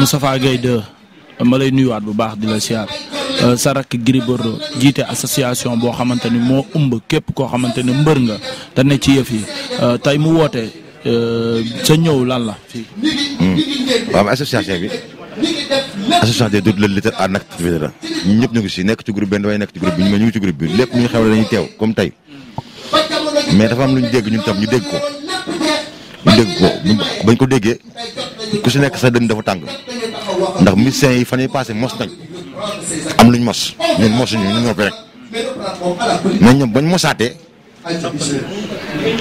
Moustapha Gueye 2 ma lay nuyuwaat bu baax di la siyaar euh, sa rakk Gris Bordeaux jiite association boo xamante ni moo ëmb képp koo xamante ni mbër nga te ne ci yëf yi euh, tey mu woote euh, sa ñëw lan la fii. Hmm. waaw association bi association de lutte en activité la ñun ñëpp ñu ngi si nekk ci groupe benn waaye nekk ci groupe bi ñu ngi ci groupe bi lépp ñu xew la dañuy teew comme tey mais dafa am lu ñu dégg ñun tam ñu dégg ko. ñu dégg ko bañ ko déggee ku si nekk sa dënn dafa tàng ndax musiciens yi fan yi passé mos nañ am luñ mos ñun mosuñu ñu ñoo fi rek ma ñoom bañ mosaatee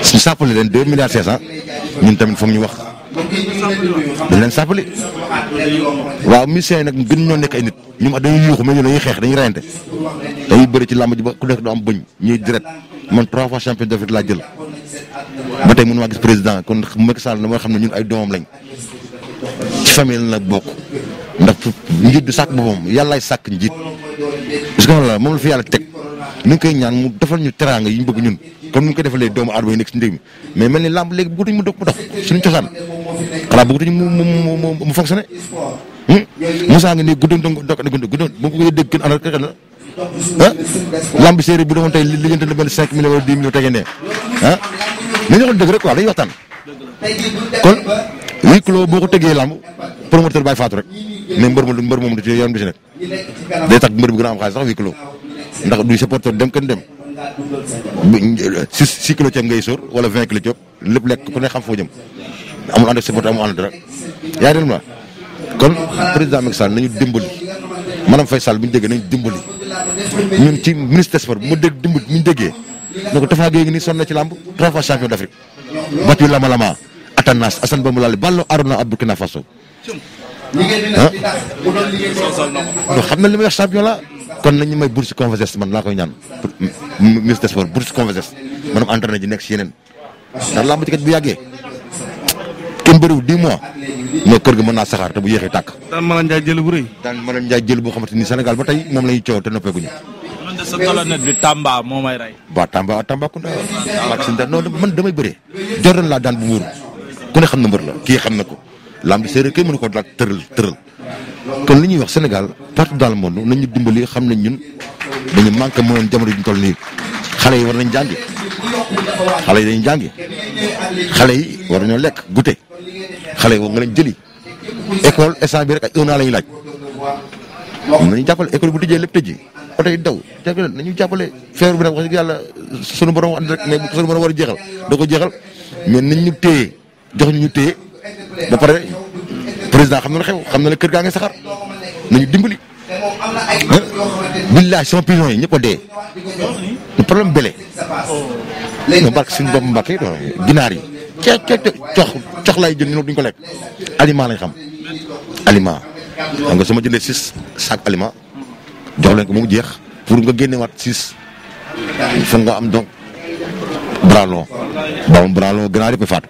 suñ sàppale leen deux milliards cinq cent ñun tamit foog ñu wax dañ leen sàppale waaw musiciens yi nag gën ñoo nekk ay nit ñu wax dañuy yuuxu mais ñun dañuy xeex dañuy reyante dañuy bëri ci làmb ji ba ku nekk doo am bëñ ñuy direct man trois fois champion d'Afrique laa jël ba tey mënu maa gis président kon Macky Sall na moo xam ne ñun ay doomam lañ ci famille la bokk ndax njiit du sàkk boppam yàllaay sàkk njiit parce que la moom la fi yàlla teg ñu ngi koy ñaan mu defal ñu teraanga yi ñu bëgg ñun kon nu mu ko defalee doomu aadama yi nekk si ndéeg mi mais mel ni làmb léegi bëggatuñ mu dox mu dox suñu cosaan xanaa bëggatuñ mu mu mu mu fonctionné. Hmm? Moussa nga nii guddoon dong dok na guddoon bu ko dégg gën a kaka la ah séeréer bu doon tey li li ngeen doon benn 5 millions wala 10 millions tegee ne nañu wax dëgg rek quoi dañuy waxtaan. kon huis clos boo ko tëggee làmb promoteur bàyyi faatu rek mais mbër moom mbër moom da ci yoon du si nekk tax mbër bi gën a am sax huis ndax du supporter dem kenn dem si six kilo ceeb ngay sóor wala vingt kilo ceeb lépp lekk ku ne xam foo jëm amul ànd ak supporter amul ànd dara yaa ngi dem kon président Macky Sall nañu dimbali maanaam Faye Sall bu ñu déggee nañu dimbali ñun ci ministre des bu ma dégg dimbali ñu déggee. donc Tafa Gueye ngi nii sonn na ci làmb trois fois champion d'Afrique battu Lama Lama Atanas Assane Bamba Lali Ballo Arona ab Burkina Faso. ah donc xam na li may wax champion la kon nañu may bourse Converses man laa koy ñaan ministre des sports bourse Converses maanaam entraîné ji nekk ci yeneen ndax làmb ci kat bu yàggee kenn bëriwul 10 mois kër gi mën naa saxaar te bu yéexee tàkk. daan Malang Ndiaye jël bu rëy. daan Malang Ndiaye jël boo xamante ni senegal ba tey moom la ñuy coow te noppeeguñu. te sa colonel bi Tamba moo may rey. waaw Tamba Tambacounda. waaw waaw noonu man damay laa daan bu wóor ku ne xam na mbar la kii xam na ko lamb séeréer kenn mënu ko daal tëral kon li ñuy wax Sénégal partout dans le monde nañu dimbali xam nañ ñun dañu manqué mooyoon jamono juñ toll nii xale yi war nañ jàngi xale yi dañu jàngi xale yi war nañoo lekk goûter xale yi war nga leen jëli école instant bi rek ay un an la ñu laaj. nañu jàppale école bu tëjee lépp ji oto yi daw jàppale nañu jàppale feebar bi nag wax dëgg yàlla sunu borom andi rek war a jeexal da ko jeexal mais nañ ñu téye jox ñu ñu téye ba président xam na la xew xam na la kër gaa ngi saxar nañu dimbali. billaay sama prison yi ñëpp a dee. ñu problème bële. nga barke suñu bopp mbàkk yi ginaar yi ca ca lay cox laay jël ñu duñ ko lekk aliment lañ xam aliment nga su ma jëndee six sac jox leen ko ba mu jeex pour nga génnewaat waat il faut nga am donc bras long ba mu bras long ganaar yëpp faatu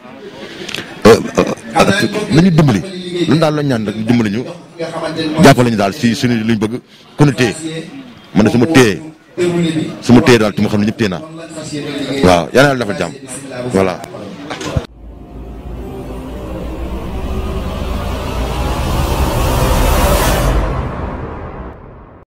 euh, euh, euh, nañu dimbali loolu daal lañ ñaan rek dimbali ñu jàppale ñu daal si suñu luñ bëgg ku ñu téye man de su ma téye su ma téye daal ci ma xam ne ñëpp téye naa waaw yal na yàlla defal jàmm voilà.